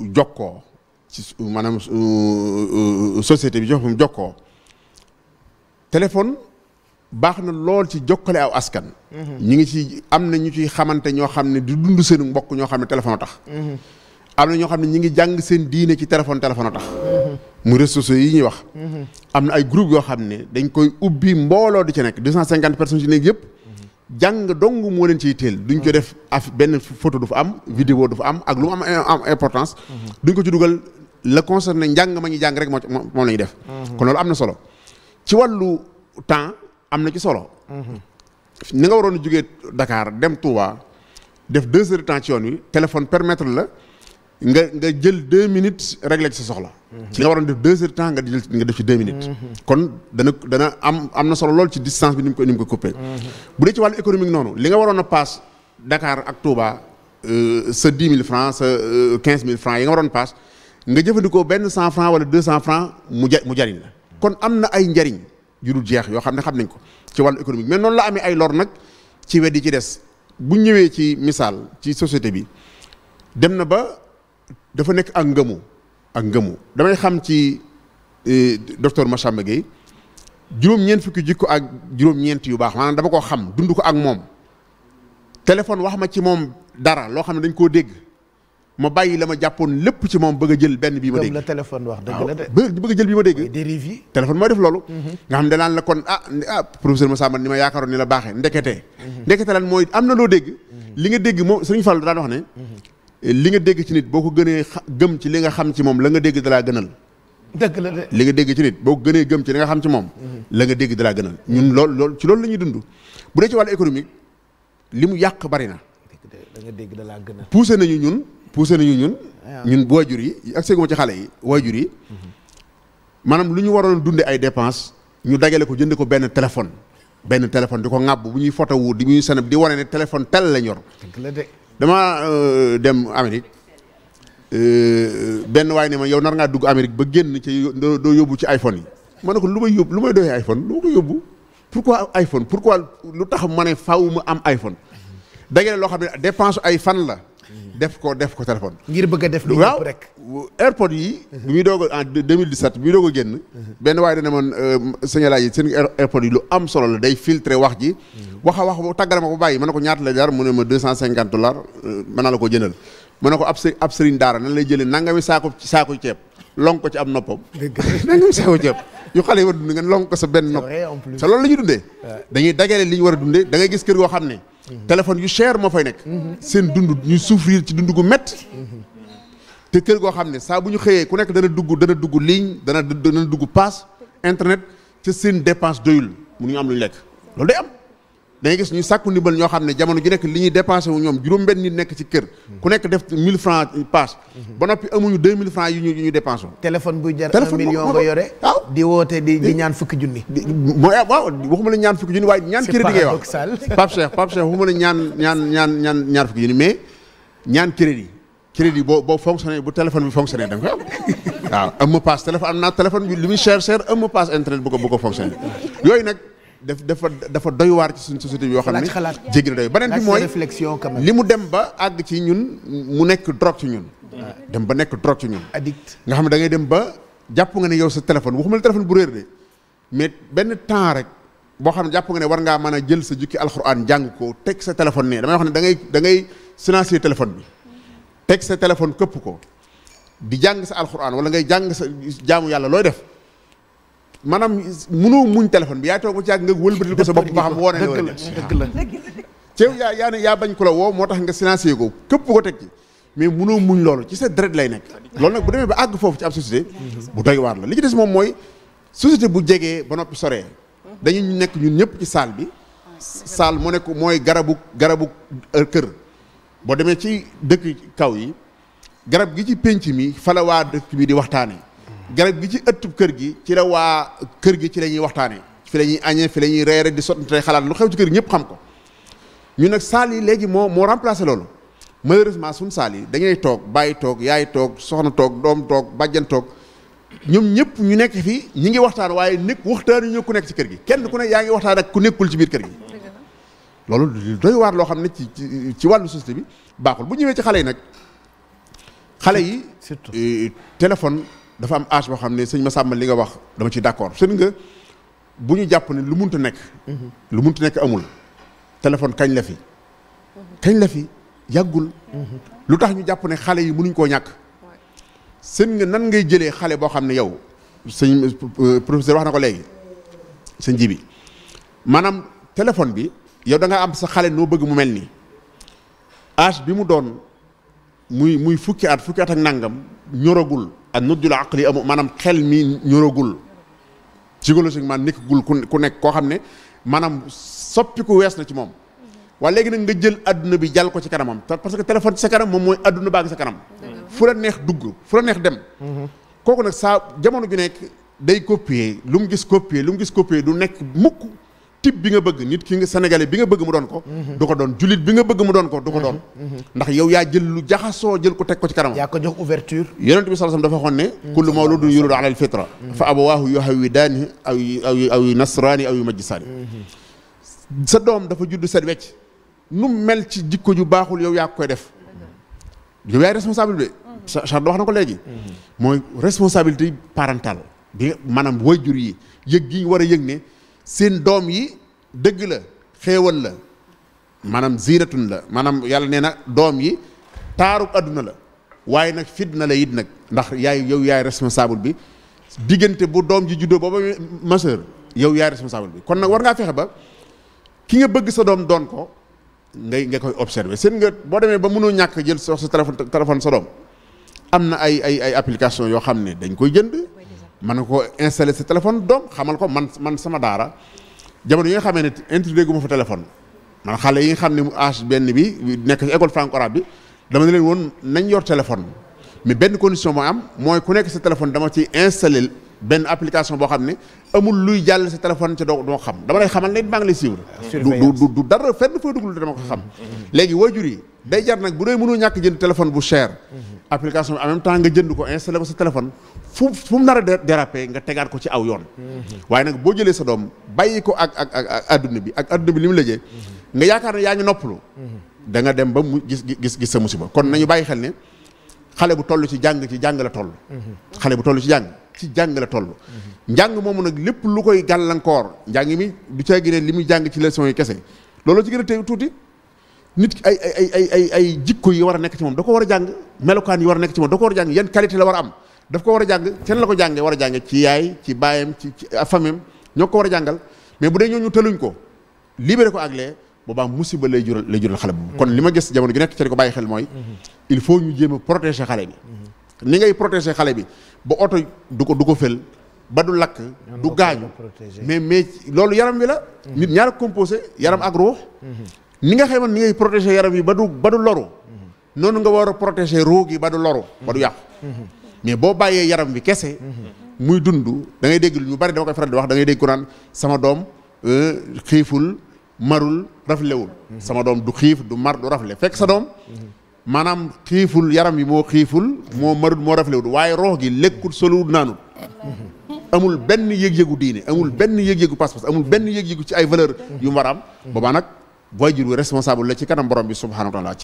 jokkoo ci maanaam euh, euh, euh, société bi jox moom jokkoo téléphone baax na lool ci jokkale aw askan. Mhm. ñu ngi ci am na ñu ciy xamante ñoo xam ne di dund seen mbokk ñoo xam ne téléphone tax. Mhm. am na ñoo xam ne ñu ngi jàng seen diine ci téléphone téléphone tax. Mhm. mu réseaux yi ñuy wax. am na ay groupe yoo xam ne dañ koy ubbi mbooloo di ci nekk deux cent cinquante personnes ci nekk yëpp. jàng dong moo leen ciy teel duñ ko def af benn photo du fa am vidéo du fa am ak lu mu am am importance mhm. duñ ko ci dugal la concerné njàng ma ñuy jàng rek moo moom la ñuy def mhm. kon loolu am na solo ci lu temps am na ci solo mhm. ni nga waroon a jógee Dakar dem Touba def deux heures de temps ci yoon wi téléphone permettre la nga nga jël deux minutes régler ci sa soxla. ci nga waroon def deux heures temps nga jël nga def ci deux minutes. kon dana am am na solo lool ci distance bi ni mu ko ni mu ko coupé. bu dee ci wàllu économique noonu li nga waroon a paas Dakar ak euh, sa dix mille francs sa euh, mille francs yi nga waroon nga jëfandikoo benn cent franc wala deux cent franc mu ja mu jariñ la. kon am na ay njariñ yu dul jeex yoo xam ne xam nañ ko ci wàllu économique mais noonu la amee ay lor nag ci wet yi ci des bu ñëwee ci misaal ci société bi dem na ba. dafa nekk ak ngëmu ak ngëmu damay xam ci eh, docteur Massamba Gueye juróom-ñeent fukki jikko ak juróom-ñeent yu baax maanaam dama koo xam dund ko ak moom téléphone wax ma ci moom dara loo xam ne dañ koo dégg ma bàyyi la ma jàppoon lépp ci moom bëgg jël benn bii ma dégg la wax de bëgg jël bii ma dégg dérive yi téléphone mooy def loolu mhm. nga xam ne danaan la kon ah ah professeur Massamba ni ma yaakaaroon ni la baaxee ndekete mhm. ndekete lan mooy am na loo dégg mhm. li nga dégg moom Sëriñ Fallu daan wax ne li nga dégg ci nit boo ko gënee gëm ci li nga xam ci moom la nga dégg dalaa gënal. dëgg la li nga dégg ci nit boo ko gënee gëm ci li nga xam ci moom. la nga dégg dalaa gënal ñun lool lool ci loolu la ñuy dund. bu dee ci wàllu économique li mu yàq bari na. da nga dégg dalaa gënal. poussé nañu ñun poussé nañu ñun. Ah. ñun waajur yi ak seeguma ci xale yi waajur yi. Mm-hmm. maanaam lu ñu waroon dundee ay dépense ñu dajale ko jënd ko benn téléphone. benn téléphone di ko ŋàbb bu ñuy fotowu di ñuy sanab di wane ne téléphone tel la ñor. dëgg la dama euh, dem Amérique euh, benn waay ni ma yow nar ngaa dugg Amérique ba génn ci doo yóbbu ci iPhone yi ma ko lu may yóbbu lu may doyee iPhone lu ma ko yóbbu pourquoi iPhone pourquoi lu tax ma ne faaw mu am iPhone dajale loo xam ne dépense ay fan la. def ko def ko téléphone. ngir bëgg a def lu yëpp rek waaw airport yi. bi muy doog en 2017 bi muy doog a génn. benn waaye dana moon euh, yi seen airport yi lu am solo la day filtré wax ji. wax a wax bu tàggale ma ko bàyyi ma ne ko ñaata la jar mu ne ma 250 dollars euh, mën naa la ko jëndal. ma ne ko ab sëriñ daara nan lay jëlee nangami saako saako ceeb lonk ko ci am noppam. dëgg la nangami saako ceeb. yu xale yi war a dund ngeen lonk ko sa benn nopp. c'est vrai en dañuy dagale li ñu war a dundee da ngay gis kër goo xam ne téléphone yu cher moo fay nekk. seen dund ñu souffrir ci dund gu métti. te kër goo xam ne saa bu ñu xëyee ku nekk dana dugg dana dugg ligne dana dana dugg paas internet ca seen dépense doyul ñu am lu ñu lekk loolu day am. dangay gis ñu sàkku ndimbal ñoo xam ne jamono ju nekk li ñuy dépensé wu ñoom juróom benn nit nekk ci kër ku nekk def 1000 francs paas ba noppi amuñu 2000 francs ñu yu ñu dépensé téléphone buy jar ñaan fukki junni mooy ah, waaw ñaan fukki junni waaye ñaan crédit ngay ñaan ñaan ñaan ñaan ñaar fukki junni mais ñaan crédit boo boo fonctionné bu téléphone bi fonctionné da nga ko am waaw am ma paas téléphone am naa téléphone bi li muy cher cher am internet bu ko bu ko fonctionné yooyu nag dafa dafa doy waar ci suñu société bi yoo xam ne jéggi na doy beneen bi mooy réflexion quand li mu dem ba àgg ci ñun mu nekk drogue ci ñun dem ba nekk drogue ci ñun nga xam ne da ngay dem ba jàpp nga ne yow sa téléphone waxuma la téléphone bu réer de mais benn temps rek boo xam ne jàpp nga ne war ngaa mën a jël sa jukki alxuraan jàng ko teg sa téléphone ne damay wax ne dangay ngay da ngay silencier téléphone bi teg sa téléphone këpp ko di jàng sa alxuraan wala ngay jàng sa jaamu yàlla looy def maanaam mënoo muñ téléphone bi yaay toog ba ci yàgg nga wëlbatil ko sa bopp ba xam woo nañ la dëgg la ceew yaa yaa ne yaa bañ ku la woo moo tax nga financé ko képp ko teg ci mais mënoo muñ loolu ci sa deret lay nekk loolu nag bu demee ba àgg foofu ci ab société bu doy waar la li ci des moom mooy société bu jegee ba noppi soree dañu nekk ñun ñëpp ci saal bi saal mu nekk mooy garabu garabu euh, kër boo demee ci dëkk kaw yi garab gi ci pénc mi fa la waa dëkk bi di garab gi ci ëttub kër gi ci la waa kër gi ci la ñuy waxtaanee fi la ñuy añee fi lañuy ñuy reere di sottante xalaat lu xew ci kër gi ñëpp xam ko ñu nag saal yi léegi moo moo remplacé loolu malheureusement suñ saal yi dañuy toog bàyyi toog yaay toog soxna toog doom toog bàjjan toog ñoom ñëpp ñu nekk fii ñi ngi waxtaan waaye nekk waxtaan ñu ku nekk ci kër gi kenn ku ne yaa ngi waxtaan ak ku nekkul ci biir kër gi loolu doy waar loo xam ne ci ci wàllu société bi baaxul bu ñëwee ci xale nag xale yi euh, téléphone dafa am âge boo xam ne sëñ Massamba li nga wax dama ci d'accord sën nga bu ñu jàpp ne lu munta nekk lu mun munta nekk amul téléphone kañ la fi kañ la fi yàggul lu tax ñu jàpp ne xale yi mënuñ koo ñàkk sën nga nan ngay jëlee xale boo xam ne yow sëñ euh, professeur wax na ko léegi sëñ ji bi maanaam téléphone bi yow da nga am sa xale noo bëgg mu mel nii âge bi mu doon muy muy fukki at fukki at ak nangam ñoragul ak nuddul aqli amu maanaam xel mi ñoragul psychologiquement nekkagul ku nekk koo xam ne maanaam soppiku wees na ci moom waaye léegi nag nga jël adduna bi jal ko ci kanamam parce que téléphone ci sa kanam moom mooy adduna baa ngi sa kanam fu la neex dugg fu la neex dem mm-hmm. kooku nag saa jamono ju nekk day copier lu mu gis copier lu mu gis copier du nekk mukk type bi nga bëgg nit ki nga sénégalais bi nga bëgg mu doon ko mhm. du ko doon jullit bi nga bëgg mu doon ko du ko doon mhm. Mhm. ndax yow yaa jël lu jaxasoo jël ko teg ko ci kanam yaa ko jox ouverture yonent bi sallallahu alayhi wasallam dafa waxoon ne kullu mawludun yuladu aw aw aw nasraani sa doom dafa judd set wecc nu mel ci jikko ju baaxul yow yaa koy def yow yaay responsabilité parentale bi waajur yi yëg gi war a yëg ne seen doom yi dëgg la xéewal la maanaam ziinatun la maanaam yàlla nee na doom yi taaru àdduna la waaye nag fit na la it nag ndax yaay yow yaay responsable bi diggante bu doom ji juddoo ba ba majeur yow yaay responsable bi kon nag war ngaa fexe ba ki nga bëgg sa doom doon ko ngay nga koy observer seen nga boo demee ba mënoo ñàkk jël sa téléphone téléphone sa doom am na ay ay ay application yoo xam ne dañ koy jënd mën nga ko installé sa téléphone doom xamal ko man man sama daara jamono yi nga xamee ne introduire gu ma fa téléphone man xale yi xam ne mu benn bi nekk ci école franco arabe bi dama ne leen woon nañ yor téléphone mais benn condition moo am mooy ku nekk sa téléphone dama ci installé benn application boo xam ne amul luy jàll sa téléphone ca doo doo xam dama lay xamal ne maa ngi lay suivre ah, du du dara fenn fooy dugg dama ko xam léegi waajur yi day jar nag bu dee mënoo ñàkk jënd téléphone bu cher mhm. application bi en même temps nga jënd ko installé ko sa téléphone fu fu mu nar a déraper nga tegaat ko ci aw yoon. Mm-hmm. waaye nag boo jëlee sa doom bàyyi ko ak ak ak adduna bi ak adduna bi li mu lëjee mm-hmm. nga yaakaar ne yaa ngi noppalu. Mm-hmm. da nga dem ba mu gis gis gis sa musiba kon nañu bàyyi xel ne xale bu toll ci jàng ci jàng la toll. xale bu toll ci jàng ci jàng njàng moomu nag lépp lu koy gàllankoor njàng mi du caa gi li muy jàng ci leçon yi kese loolu ci gën a tey tuuti. nit ay ay ay ay jikko yi war a nekk ci moom da ko war a jàng melokaan a nekk ci a la war a daf ko war a jàng seen la ko jànge war a jàngee ci yaay ci baayam ci ci ñoo ko war a jàngal mais bu dee ñooñu tëluñ ko libéré ko ak lee boobaa musiba lay jural lay jural xale boobu. kon li ma gis jamono gi nekk ci di ko ñu jéem a protéger xale bi. ni ngay xale bi ba oto du ko du ko fël ba du lakk. du gaañu mais mais loolu yaram bi la. nit ñaar composé yaram ak ruux. ni nga xayma ni ngay protéger yaram yi ba du ba du loru. noonu nga war a protéger ruux gi ba du loru. ba du yàqu. mais boo bàyyee yaram bi kese. muy dund da ngay dégg lu ñu bari dama koy faral di wax da ngay dégg ku naan sama doom euh, xiiful marul raflewul. sama doom du xiif du mar du rafle fekk sa doom. maanaam xiiful yaram bi moo xiiful moo marul moo raflewul waaye roox gi lekkul soluwul naanul. amul benn yëg-yëgu diine amul benn yëg-yëgu pas-pas amul benn yëg-yëgu ci ay valeur yu mu a am. boobaa nag waajur wi responsable la ci kanam borom bi subhaanahu wa